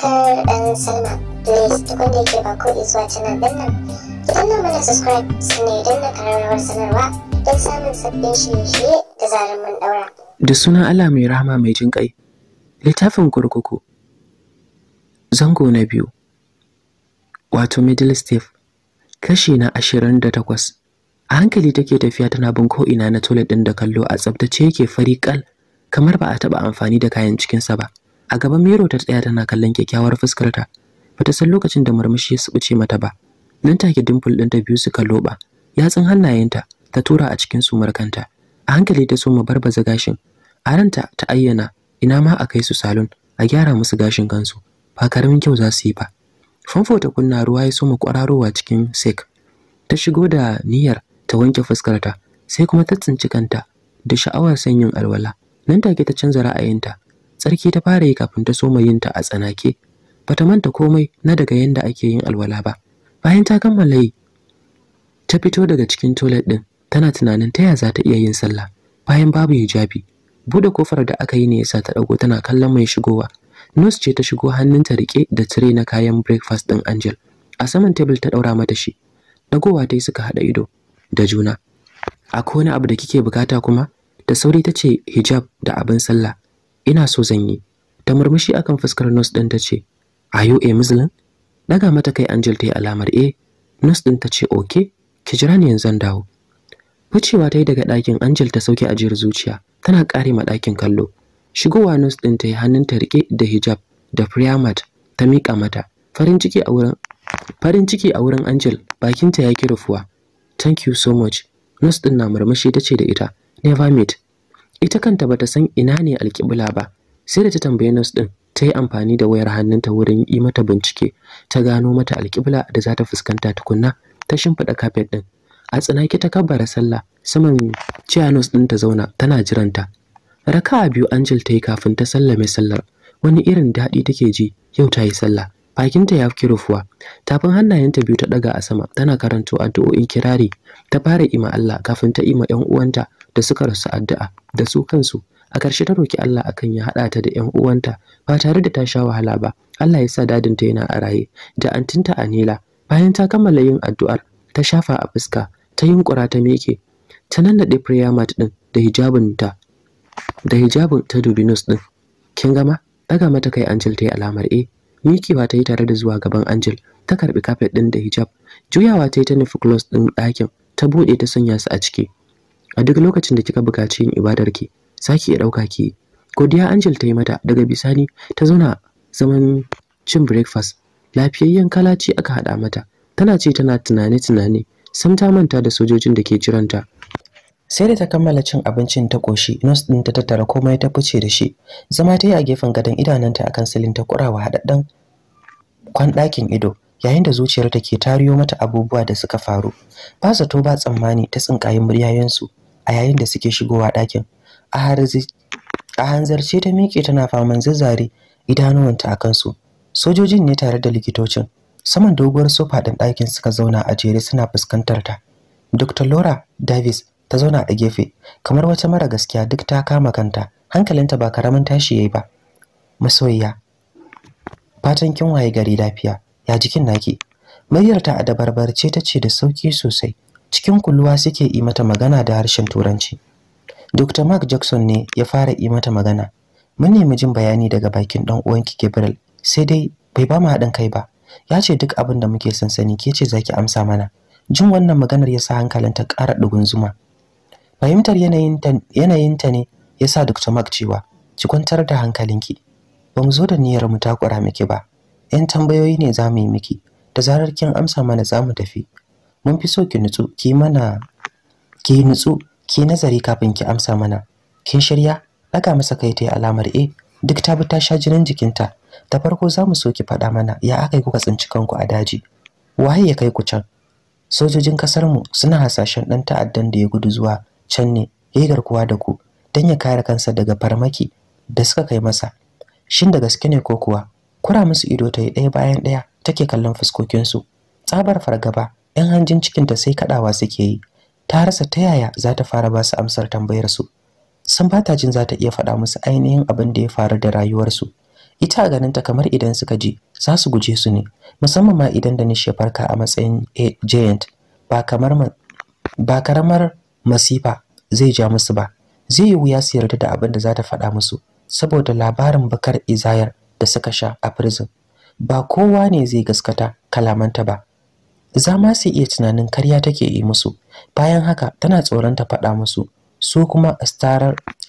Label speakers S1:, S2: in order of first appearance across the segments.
S1: subscribe and sign up. Please tukun da yake ba ko zuwa canal din nan. Ki danna mana subscribe sannan idan na kararrawar sanarwa don samun sabbin shirye-shirye da zarar mun daura. Da sunan Allah mai rahama mai jin ƙai. Littafin kurkuku. Zango na biyu. Wato middle step. Kashi na ashirin da takwas. A hankali take tafiya tana bin ko'ina na toilet ɗin da kallo a tsaftace yake fari kal kamar ba a taɓa amfani da kayan cikinsa ba. a gaban miro ta tsaya tana kallon kyakkyawar fuskarta bata san lokacin da murmushi ya subuce mata ba nan take dimple ɗinta biyu suka loba yatsun hannayenta ta tura a cikin sumar kanta a hankali ta soma mu barbaza gashin a ranta ta ayyana ina ma a kai su salon a gyara musu gashin kansu ba karamin kyau za su yi ba famfo ta kunna ruwa ya so mu kwararowa cikin sek ta shigo da niyyar ta wanke fuskarta sai kuma ta tsinci kanta da sha'awar sanyin alwala nan take ta canza ra'ayinta tsarki ta fara yi kafin ta soma yin ta a tsanake bata manta komai na daga yanda ake yin alwala ba bayan ta kammala yi ta fito daga cikin toilet din tana tunanin ta ya za ta iya yin sallah bayan babu hijabi bude kofar da aka yi ne yasa ta dago tana kallon mai shigowa nurse ce ta shigo hannunta rike da tire na kayan breakfast din Angel a saman table ta daura mata shi dagowa ta yi suka hada ido da juna akwai wani abu da kike bukata kuma da sauri ta ce hijab da abin sallah ina so zan yi ta murmushi akan fuskar nurse din tace are you a muslim daga mata kai angel ta yi alamar a eh. nurse din tace okay ki jira ni yanzu dawo ficewa ta yi daga ɗakin angel ta sauke ajiyar zuciya tana kare ma ɗakin kallo shigowa nurse din ta yi hannunta rike da hijab da prayer mat ta mika mata farin ciki a wurin farin ciki a wurin Angel bakinta ya ki rufuwa thank you so much nurse din na murmushi tace da ita never meet ita kanta bata san ina ne alƙibla ba sai da ta tambayi nurse din ta yi amfani da wayar hannunta wurin yi mata bincike ta gano mata alƙibla da za ta fuskanta tukunna ta shimfiɗa kafet ɗin a tsinake ta kabbara sallah saman cianos ɗin ta zauna tana jiranta raka'a biyu angel ta yi kafin ta sallame sallar wani irin daɗi take ji yau ta yi sallah bakinta ya fi rufuwa tafin hannayenta biyu ta daga a sama tana karanto addu'o'in kirari ta fara ima Allah kafin ta ima 'yan uwanta da suka rasu addu'a da su kansu a ƙarshe ta roki Allah akan ya haɗa ta da 'yan uwanta ba tare da ta sha wahala ba Allah ya sa dadin ta yana a raye da antinta Anila bayan ta kammala yin addu'ar ta shafa a fuska ta yunkura ta miƙe ta nannaɗe prayer mat ɗin da ta da hijabin ta dubinus din ɗin kin gama daga mata kai Angel ta yi alamar eh Mikiwa ta yi tare da zuwa gaban Angel ta karbi kafet ɗin da hijab juyawa ta yi ta nufi close ɗin ɗakin ta buɗe ta sanya su a ciki a duk lokacin da kika buƙaci yin ki saki ya ɗauka ki godiya Angel ta yi mata daga bisani ta zauna zaman cin breakfast lafiyayyen kalaci aka haɗa mata tana ce tana tunane-tunane sam ta manta da sojojin da ke jiranta sai da ta kammala cin abincin ta koshi nos din ta tattara komai ta fice da shi zama ta yi a gefen gadon idananta akan silin ta kurawa haɗaɗɗen kwan ɗakin ido yayin da zuciyar ta ke tariyo mata abubuwa da suka faru ba zato ba tsammani ta tsinkayi muryayensu a yayin da suke shigowa ɗakin a hanzarce ta miƙe tana faman zazzare idanuwanta a kansu sojojin ne tare da likitocin saman doguwar sofa ɗin ɗakin suka zauna a jere suna fuskantar ta dr laura davis ta zauna a gefe kamar wata mara gaskiya duk ta kama kanta hankalinta ba karamin tashi yayi ba masoyiya fatan kin waye gari lafiya ya jikin naki mayyarta a dabarbarce ta ce da sauki sosai cikin kulluwa suke yi mata magana da harshen turanci Dr. Mark Jackson ne ya fara yi mata magana mun nemi jin bayani daga bakin dan uwanki Gabriel sai dai bai ba mu haɗin kai ba ya ce duk abin da muke sansani ke ce zaki amsa mana jin wannan maganar ya sa hankalinta ƙara ɗigun zuma fahimtar yanayinta ne ya sa Dr. Mark cewa ki kwantar da hankalinki ba mu zo da niyyar mu takura miki ba yan tambayoyi ne za mu yi miki da zarar kin amsa mana za mu tafi mun fi so ki nutsu ki mana ki nutsu ki nazari kafin ki amsa mana kin shirya daga masa kai ta alamar e duk ta bi ta sha jinin jikinta ta farko za mu so ki faɗa mana ya aka yi kuka tsinci kanku a daji waye ya kai ku can sojojin ƙasarmu suna hasashen ɗan ta'addan da ya gudu zuwa can ne ya yi garkuwa da ku don ya kare kansa daga farmaki da suka kai masa shin da gaske ne ko kuwa kura musu ido ta yi ɗaya bayan ɗaya take kallon fuskokinsu tsabar fargaba 'yan hanjin cikinta sai kaɗawa suke yi ta rasa ta yaya za ta fara ba su amsar su san ba ta jin za ta iya faɗa musu ainihin abin da ya faru da rayuwarsu ita ganinta kamar idan suka ji za su guje su ne musamman ma idan da ni shefarka a matsayin giant ba kamar ba karamar masifa zai ja musu ba zai yi wuya su yarda da abin da za ta faɗa musu saboda labarin bakar izayar da suka sha a prison ba kowa ne zai gaskata kalamanta ba za ma su iya tunanin karya take yi musu bayan haka tana tsoron ta faɗa musu su kuma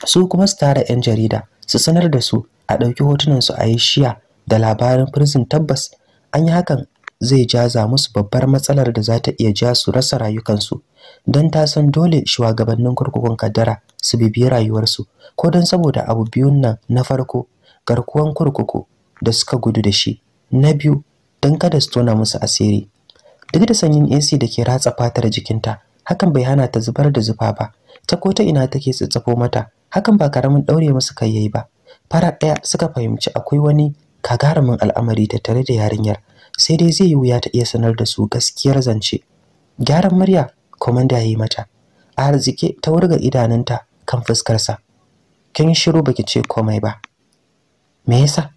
S1: su kuma 'yan jarida su sanar da su a ɗauki hotunan su a yi shiya da labarin prison tabbas an yi hakan zai jaza musu babbar matsalar da za ta iya ja su rasa rayukansu don ta san dole shugabannin kurkukun kaddara su bibiyi rayuwarsu ko don saboda abu biyun nan na farko garkuwan kurkuku da suka gudu da shi na biyu don kada su tona musu asiri duk da sanyin AC da ke ratsa fatar jikinta hakan bai hana ta zubar da zufa ba ta ko ta ina take tsatsafo mata hakan ba karamin daure musu kai yayi ba fara daya suka fahimci akwai wani kagarumin al'amari ta tare da yarinyar sai dai zai yi wuya ta iya sanar da su gaskiyar zance gyaran murya komanda ya yi mata a harzike ta wurga idanunta kan fuskarsa kin shiru baki ce komai ba me yasa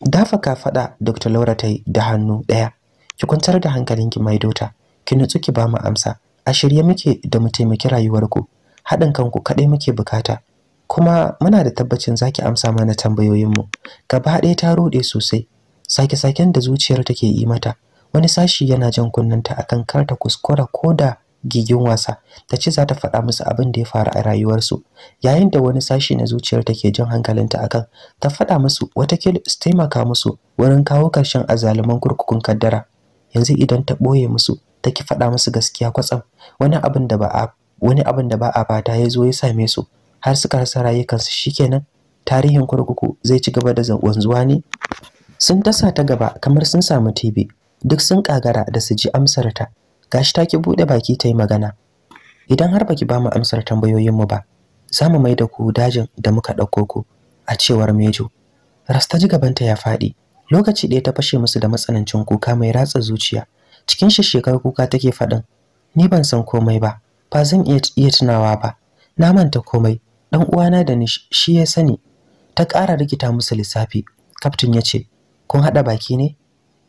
S1: dafa ka faɗa dr laura ta yi da hannu ɗaya ki kwantar da hankalinki mai dota ki nutsu ki ba mu amsa a shirye muke da mu taimaki rayuwarku haɗin kanku kaɗai muke bukata kuma muna da tabbacin zaki amsa mana tambayoyinmu gaba ɗaya ta ruɗe sosai sake-saken da zuciyar take yi mata wani sashi yana jan kunnanta akan kar ta kuskura ko da gigin wasa ta ce za ta faɗa musu abin da ya faru a rayuwarsu yayin da wani sashi na zuciyar take jan hankalinta akan ta faɗa musu watakila su taimaka musu wurin kawo ƙarshen azaluman kurkukun kaddara yanzu idan ta ɓoye musu ta ki faɗa musu gaskiya kwatsam wani abin da ba a wani abin da ba a fata ya zo ya same su har suka rasa rayukansu shikenan tarihin kurkuku zai ci gaba da wanzuwa ne sun tasa ta gaba kamar sun samu TV duk sun kagara da su ji amsar ta gashi ta ki bude baki ta yi magana idan har baki ba mu amsar tambayoyin mu ba za mu mai da ku dajin da muka ɗauko ku a cewar Mejo rasta ji gabanta ya faɗi lokaci ɗaya ta fashe musu da matsanancin kuka mai ratsa zuciya cikin shekar kuka take faɗin ni ban san komai ba ba zan iya tunawa ba na manta komai dan uwana da ni shi ya sani ta ƙara rikita musu lissafi kaftin ya ce kun haɗa baki ne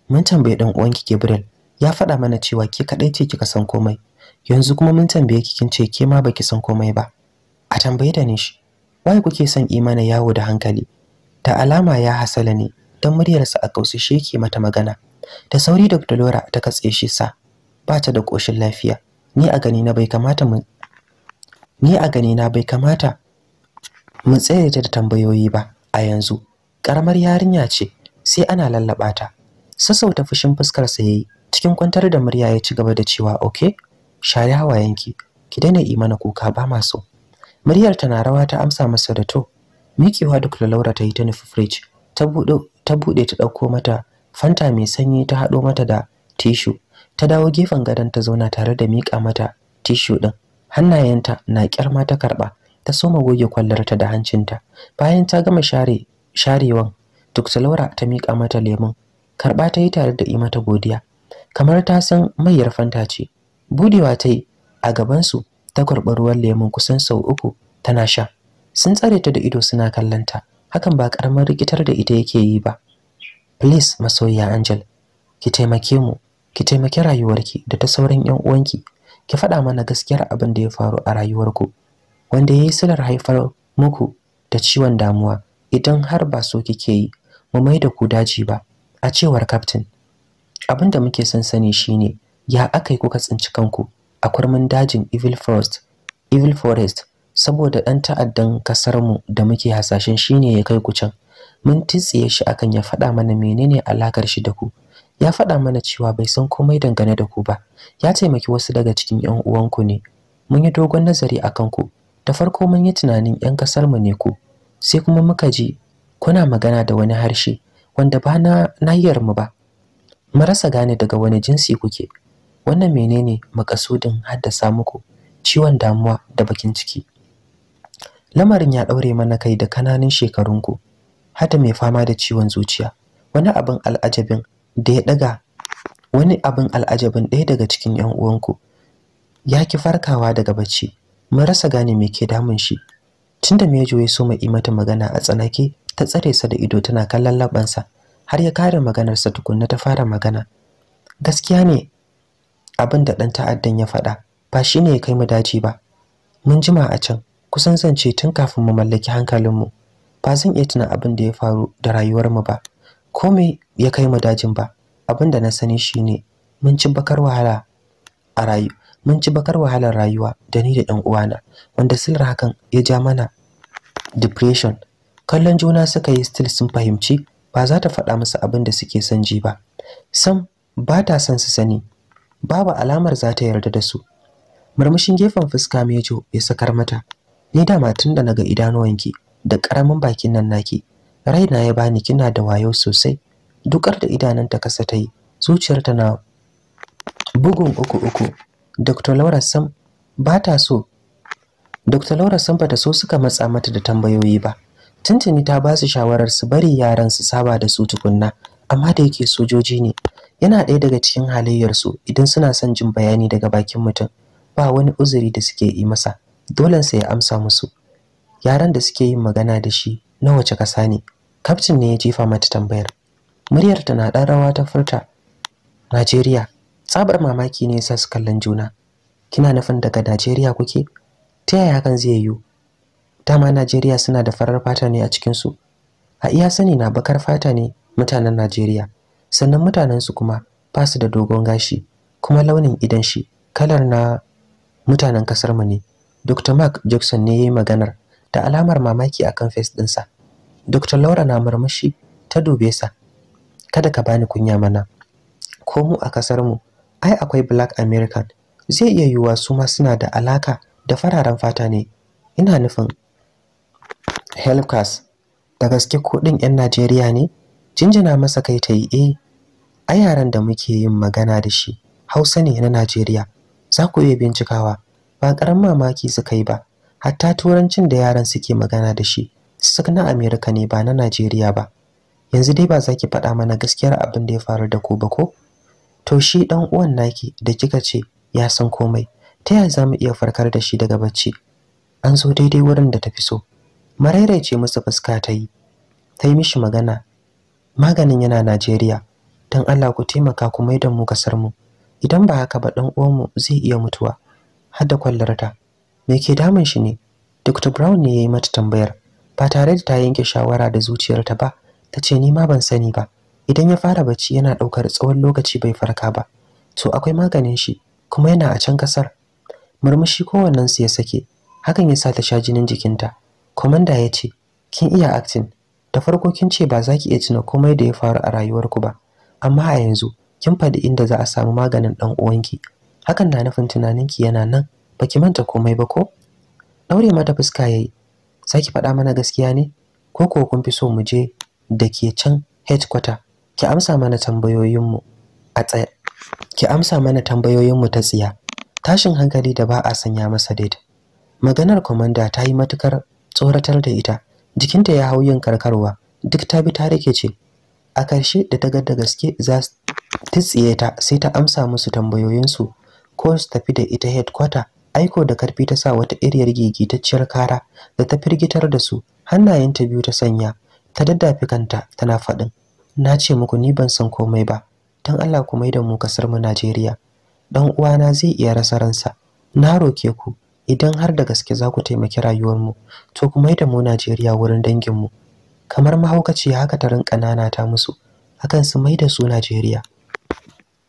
S1: mun tambaye dan uwanki Gabriel ya faɗa mana cewa ke kaɗai ce kika san komai yanzu kuma mun tambaye ki kin ce ke ma baki san komai ba a tambaye da ni shi wai kuke son imana yawo da hankali da alama ya hasala ne dan muryarsa a kausashe ke mata magana da sauri Dr. Laura ta katse shi sa ba ta da koshin lafiya ni a gani na bai kamata mu ni a gani na bai kamata mu ta da tambayoyi ba a yanzu karamar yarinya ce sai ana lallaɓa ta sassauta fushin fuskar sa yayi cikin kwantar da murya ya ci gaba da cewa okay share hawayenki ki daina yi mana kuka ba ma so muryar ta na rawa ta amsa masa da to miƙewa duk laura ta yi ta nufi fridge ta buɗe ta buɗe ta ɗauko mata fanta mai sanyi ta haɗo mata da tishu ta dawo gefen gadon ta zauna tare da mika mata tishu ɗin hannayenta na ƙyarma ta karɓa ta soma goge kwallarta da hancinta bayan ta gama share sharewan duk salwara ta miƙa mata lemun karɓa ta yi tare da yi mata godiya kamar ta san mayar fanta ce budewa ta yi a gabansu ta karɓi ruwan lemun kusan sau uku tana sha sun tsare ta da ido suna kallonta hakan ba ƙaramin rikitar da ita yake yi ba please masoyiya angel ki taimake mu ki taimaki rayuwarki da ta sauran yan uwanki ki faɗa mana gaskiyar abin da ya faru a rayuwarku wanda ya yi silar haifar muku da ciwon damuwa idan har ba so kike yi mu mai da ku daji ba a cewar kaftin abin da muke son sani shine ya akai kuka tsinci kanku a kurmin dajin evil forest evil forest saboda ɗan ta'addan kasar mu da muke hasashen shine ya kai ku can mun tsiye shi akan ya faɗa mana menene alakar shi da ku ya faɗa mana cewa bai san komai dangane da ku ba ya taimaki wasu daga cikin yan uwanku ne mun yi dogon nazari akan ku da farko mun yi tunanin yan mu ne ku sai kuma muka ji kuna magana da wani harshe wanda ba na nahiyarmu ba mu rasa gane daga wani jinsi kuke wannan menene makasudin haddasa muku ciwon damuwa da bakin ciki lamarin ya daure mana kai da kananan shekarunku hada mai fama da ciwon zuciya wani abin al'ajabin da ya daga wani abin al'ajabin ɗaya daga cikin 'yan uwanku ya ki farkawa daga bacci mun rasa gane me ke damun shi tunda Mejo ya so mai mata magana a tsanake ta tsare sa da ido tana kallon labansa har ya kare maganarsa tukunna ta fara magana gaskiya ne abin da dan ta'addan ya faɗa ba shine ya kai mu daji ba mun jima a can kusan zance tun kafin mu mallaki hankalinmu ba zan iya tuna abin da ya faru da rayuwarmu ba ko komai ya kai mu dajin ba abin da na sani shine mun ci bakar wahala a rayu mun ci bakar wahalar rayuwa da ni da ɗan uwana wanda silar hakan ya ja mana depression kallon juna suka yi still sun fahimci ba za ta faɗa musu abin da suke son ji ba sam ba ta son su sani babu alamar za ta yarda da su murmushin gefen fuska mejo ya sakar mata ni da tun da naga idanuwanki da karamin bakin nan naki raina ya bani kina da wayo sosai dukar da idananta kasa ta yi zuciyarta na bugun uku uku Dr. Laura Sam ba ta so Dr. Laura Sam ba ta so suka matsa mata da tambayoyi ba. Tuntuni ta ba su shawarar su bari yaran su saba da su tukunna, amma da yake sojoji ne. Yana ɗaya daga cikin halayyarsu idan suna son jin bayani daga bakin mutum, ba wani uzuri da suke yi masa, dolensa ya amsa musu. Yaran da suke yin magana da shi na wace kasa ne? Kaftin ne ya jefa mata tambayar. Muryar ta na ɗan rawa ta furta. Najeriya. tsabar mamaki ne sa su kallon juna kina nufin daga Najeriya kuke ta yaya kan zai yiwu dama Najeriya suna da farar fata ne a cikin su a iya sani na bakar fata ne mutanen Najeriya sannan mutanen su kuma ba su da dogon gashi kuma launin idan shi kalar na mutanen kasar mu ne Dr. Mark Jackson ne yayi maganar da alamar mamaki akan face ɗinsa. Dr. Laura na murmushi ta dube sa kada ka bani kunya mana ko mu a kasar mu ai akwai black american zai iya yiwuwa su ma suna da alaka da fararen fata ne ina nufin Helpcast da gaske kudin 'yan najeriya ne jinjina masa kai ta yi eh a yaran da muke yin magana da shi hausa ne na najeriya za ku iya bincikawa ba karan mamaki suka yi ba hatta turancin da yaran suke magana da shi suk na amerika ne ba na najeriya ba yanzu dai ba za ki faɗa mana gaskiyar abin da ya faru da ku ba ko to shi dan uwan naki da kika ce ya san komai ta yaya zamu iya farkar da shi daga bacci an zo daidai wurin da ta fi so ce musu fuska ta yi ta yi mishi magana maganin yana Najeriya dan Allah ku taimaka ku maida mu kasar mu idan ba haka ba dan mu zai iya mutuwa har da kwallarta me ke damun shi ne Dr Brown ne ya yi mata tambayar ba tare da ta yanke shawara da zuciyarta ba tace ni ma ban sani ba idan ya fara bacci yana ɗaukar tsawon lokaci bai farka ba to akwai maganin shi kuma yana a can kasar murmushi kowannen su ya sake hakan ya sa ta sha jinin jikinta komanda ya ce kin iya acting da farko kin ce ba za ki iya tuna komai da ya faru a rayuwarku ba amma a yanzu kin faɗi inda za a samu maganin ɗan uwanki hakan na nufin tunaninki yana nan baki manta komai ba ko daure mata fuska yayi zaki faɗa mana gaskiya ne ko ko kun fi so mu je da ke can headquarter ki amsa mana tambayoyinmu a tsaya ki amsa mana tambayoyinmu ta tsiya tashin hankali da ba a sanya masa date maganar komanda ta yi matukar tsoratar da ita jikinta ya hau yin karkarwa duk ta bi ta rike ce a ƙarshe da ta ga da gaske za ta tsiye ta sai ta amsa musu tambayoyinsu ko su tafi da ita headquarter aiko da karfi ta sa wata iriyar gigitacciyar kara da ta firgitar da su hannayenta biyu ta sanya ta daddafe kanta tana faɗin na ce muku ni ban san komai ba don Allah ku da mu kasar mu Najeriya dan uwana zai iya rasa ransa na roke ku idan har da gaske za ku taimaki rayuwar mu to ku da mu Najeriya wurin dangin mu kamar mahaukaci haka ta rinka nana ta musu akan su maida su Najeriya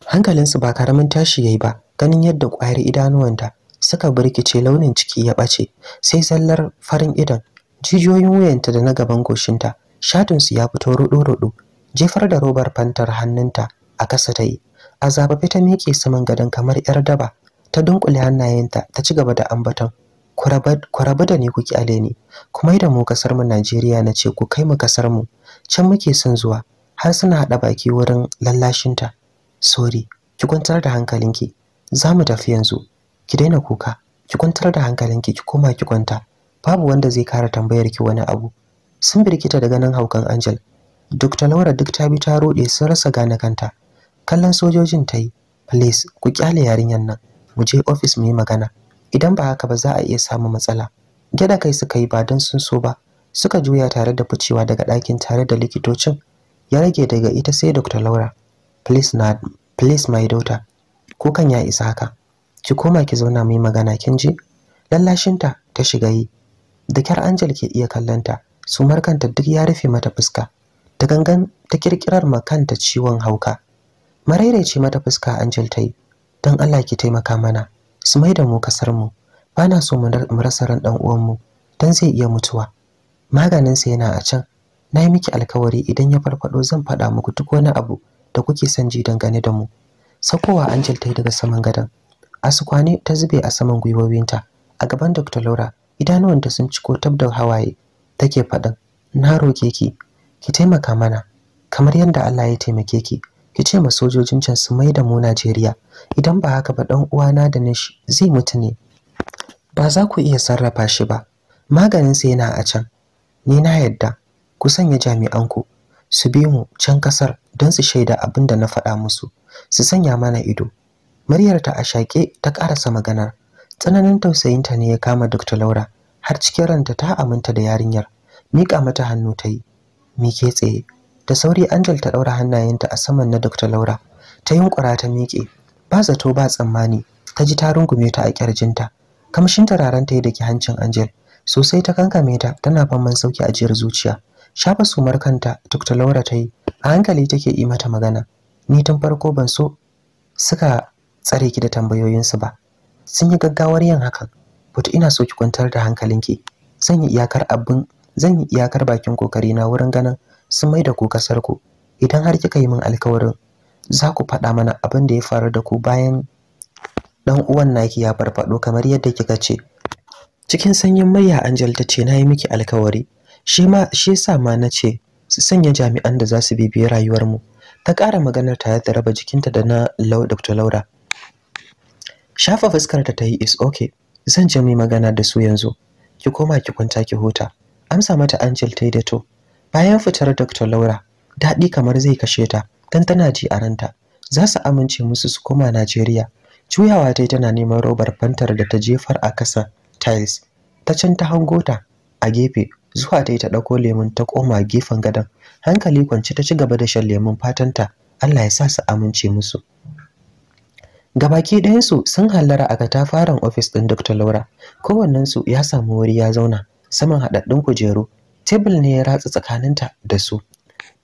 S1: hankalin su ba karamin tashi yayi ba ganin yadda ƙwayar idanuwanta suka birkice launin ciki ya ɓace sai sallar farin idan jijiyoyin wayanta da na gaban goshinta su ya fito rudo-rudo jefar da robar fantar hannunta a kasa ta yi a zababe ta miƙe saman gadon kamar 'yar daba ta dunkule hannayenta ta ci gaba da ambaton ku rabu da ni ku ale ni Kuma mai mu kasar mu Najeriya na ce ku kai mu kasar mu can muke son zuwa har suna haɗa baki wurin lallashinta sorry ki kwantar da hankalinki za mu tafi yanzu ki daina kuka ki kwantar da hankalinki ki koma ki kwanta babu wanda zai kara tambayar ki wani abu sun birkita daga nan haukan Angel duk ta laura duk ta bi ta rode sun rasa gane kanta kallon sojojin ta yi please ku kyale yarinyar nan mu je office mu yi magana idan ba haka ba za a iya samu matsala gyada kai suka yi ba don sun so ba suka juya tare da ficewa daga ɗakin tare da likitocin ya rage daga ita sai dr laura please na please my daughter kan ya isa haka ki koma ki zauna mu yi magana kin ji lallashinta ta shiga yi da kyar angel ke iya kallonta. su markanta duk ya rufe mata fuska ta gangan ta kirkirar makanta ciwon hauka maraireci mata fuska angel ta dan don allah ki taimaka mana su maida mu kasar mu ba na so mu rasa ran dan uwanmu dan zai iya mutuwa maganinsa yana a can nayi miki alkawari idan ya farfado zan faɗa muku duk wani abu da kuke son ji dangane da mu sakowa angel ta daga saman gadon asukwane ta zube a saman gwiwowinta a gaban dr laura idanuwanta sun ciko tab da hawaye take faɗin na roke ki ki taimaka mana kamar yadda Allah ya taimake ki ki ce ma sojojin can su mai da mu Najeriya idan ba haka ba dan uwana da nishi zai mutu ne ba za ku iya sarrafa shi ba maganin sa yana a can ni na yadda ku sanya jami'an ku su bi mu can kasar don su shaida abin da na faɗa musu su sanya mana ido muryar ta a shaƙe ta ƙarasa maganar tsananin tausayinta ne ya kama Dr. Laura har cikin ranta ta aminta da yarinyar miƙa mata hannu ta yi mike tsaye da sauri angel ta ɗaura hannayenta a saman na dr laura ta yunkura ta miƙe ba zato ba tsammani ta ji ta rungume ta a kirjinta kamshin tararen ta ki hancin angel sosai ta kankame ta tana faman sauki a jiyar zuciya shafa sumar kanta dr laura ta yi a hankali take yi mata magana ni tun farko ban so suka tsare ki da tambayoyinsu ba sun yi gaggawar yin hakan but ina so ki kwantar da hankalinki zan yi iyakar abin zan yi iyakar bakin na wurin ganin sun mai da ku kasar ku idan har kika yi min alkawarin za ku faɗa mana abin da ya faru da ku bayan dan uwan naki ya farfado kamar yadda kika ce cikin sanyin murya Angel ta ce na yi miki alkawari shi ma shi yasa ma na ce su sanya jami'an da za su bibiye rayuwar mu ta ƙara maganar ta da raba jikinta da na Dr. Laura shafa fuskar ta ta yi is okay zan je mu magana da su yanzu ki koma ki kwanta ki huta amsa mata Angel ta yi da to bayan fitar Dr. Laura daɗi kamar zai kashe ta dan tana ji a ranta za su amince musu su koma Najeriya juyawa ta tana neman robar fantar da ta jefar a kasa tiles ta can ta hango ta a gefe zuwa ta ta ɗauko lemun ta koma gefen gadon hankali kwance ta ci gaba da shan lemun fatanta Allah ya sa su amince musu gabaki ɗayansu sun hallara a katafaren ofis ɗin Dr. Laura kowannensu ya samu wuri ya zauna saman haɗaɗɗun kujeru tebul ne ya ratsa tsakaninta da su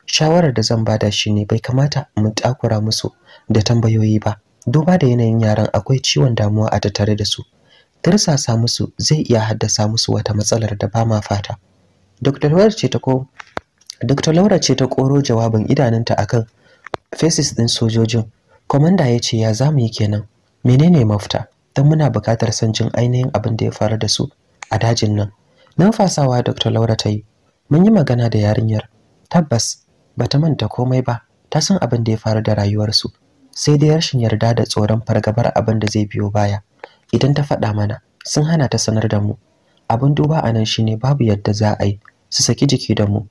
S1: shawarar da zan bada shine bai kamata mu takura musu da tambayoyi ba duba da yanayin yaran akwai ciwon damuwa a tattare da su tirsasa musu zai iya haddasa musu wata matsalar da ba ma fata dr laura ce ta ko dr laura ce ta koro jawabin idanunta akan faces din sojojin komanda ya ce ya zamu yi kenan menene mafita don muna buƙatar san jin ainihin abin da ya faru da su a dajin nan numfasawa Dr. Laura ta yi mun yi magana da yarinyar tabbas ba ta manta komai ba ta san abin da ya faru da rayuwarsu sai dai rashin yarda da tsoron fargabar abin da zai biyo baya idan ta faɗa mana sun hana ta sanar da mu abin duba a nan shine babu yadda za a yi su saki jiki da mu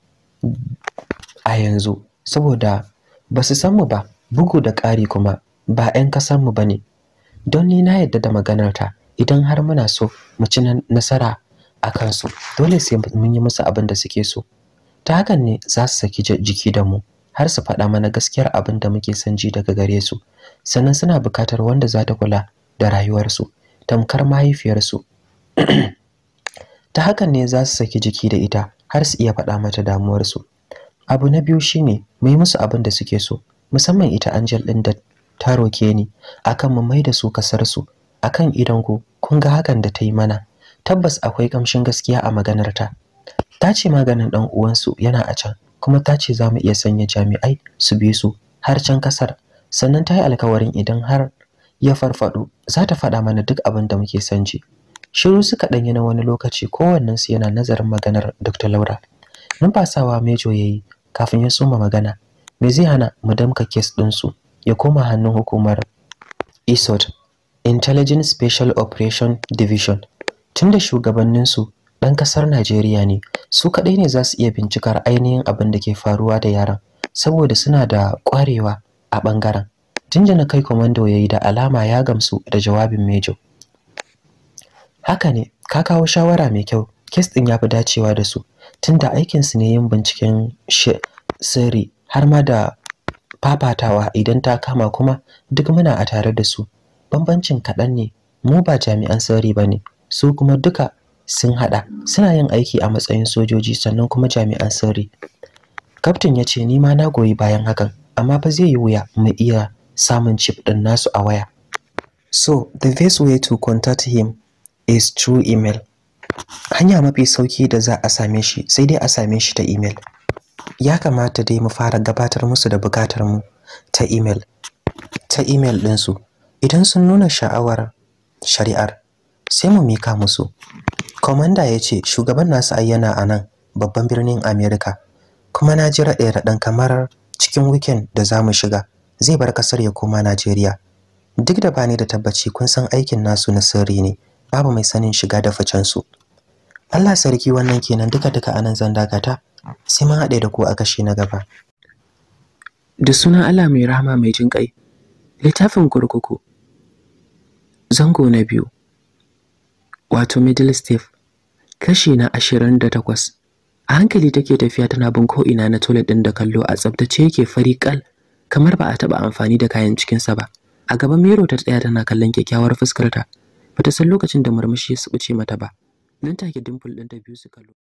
S1: a yanzu saboda ba su san mu ba bugu da ƙari kuma ba 'yan kasanmu mu ne. don ni na yadda da maganarta idan har muna so mu ci nasara a kansu dole sai mun yi musu abin da suke so ta hakan ne za su saki jiki da mu har su faɗa mana gaskiyar abin da muke son ji daga gare su sannan suna buƙatar wanda za ta kula da rayuwarsu tamkar mahaifiyarsu ta hakan ne za su saki jiki da ita har su iya faɗa mata damuwarsu abu na biyu shine mu yi musu abin da suke so musamman ita angel ɗin da ta roke ni akan mu mai da su kasarsu akan idan kun ga hakan da ta yi mana tabbas akwai kamshin gaskiya a maganar ta ta ce maganin dan uwansu yana a can kuma ta ce za mu iya sanya jami'ai su bi su har can kasar sannan ta yi alkawarin idan har ya farfado za ta faɗa mana duk abin da muke son ji shiru suka ɗanyi na wani lokaci kowannensu yana nazarin maganar dr laura numfasawa mejo ya yi kafin ya soma magana me zai hana mu damka kes ɗinsu ya koma hannun hukumar isod intelligent special operation division tunda shugabanninsu ɗan ƙasar Najeriya ne su kaɗai ne za su iya bincikar ainihin abin da ke faruwa da yaran saboda suna da ƙwarewa a ɓangaren jinjina kai kwamando ya yi da alama ya gamsu da jawabin mejo haka ne ka kawo shawara mai kyau kes ɗin ya fi dacewa da su tunda aikinsu ne yin binciken sirri har ma da fafatawa idan ta kama kuma duk muna a tare da su bambancin kaɗan ne mu ba jami'an sirri ba ne su kuma duka sun hada suna yin aiki a matsayin sojoji sannan kuma jami'an sirri kaftin ya ce ni ma na goyi bayan hakan amma fa zai yi wuya mu iya samun chip din nasu a waya so the best way to contact him is through email hanya mafi sauki da za a same shi sai dai a same shi ta email ya kamata dai mu fara gabatar musu da bukatar mu ta email ta email ɗinsu idan sun nuna sha'awar shari'ar sai mu mika musu komanda ya ce shugaban nasu ayyana a nan babban birnin amerika kuma na ji raɗe-raɗen kamar cikin weekend da za mu shiga zai bar ƙasar ya koma najeriya duk da bani da tabbaci kun san aikin nasu na sirri ne babu mai sanin shiga da facen su Allah sarki wannan kenan duka-duka anan zan dakata sai mun haɗe da ku a kashi na gaba da sunan Allah mai rahama mai jin ƙai littafin kurkuku zango na biyu wato middle stiff kashi na ashirin da 28 a hankali take tafiya tana bin ko ina na toilet din da kallo a tsaftace yake fari kal kamar ba a taba amfani da kayan cikin sa ba a gaban mirror ta tsaya tana kallon kyakkyawar fuskarta bata san lokacin da murmushi ya subuce mata ba nan take dimple ɗinta biyu su kallo.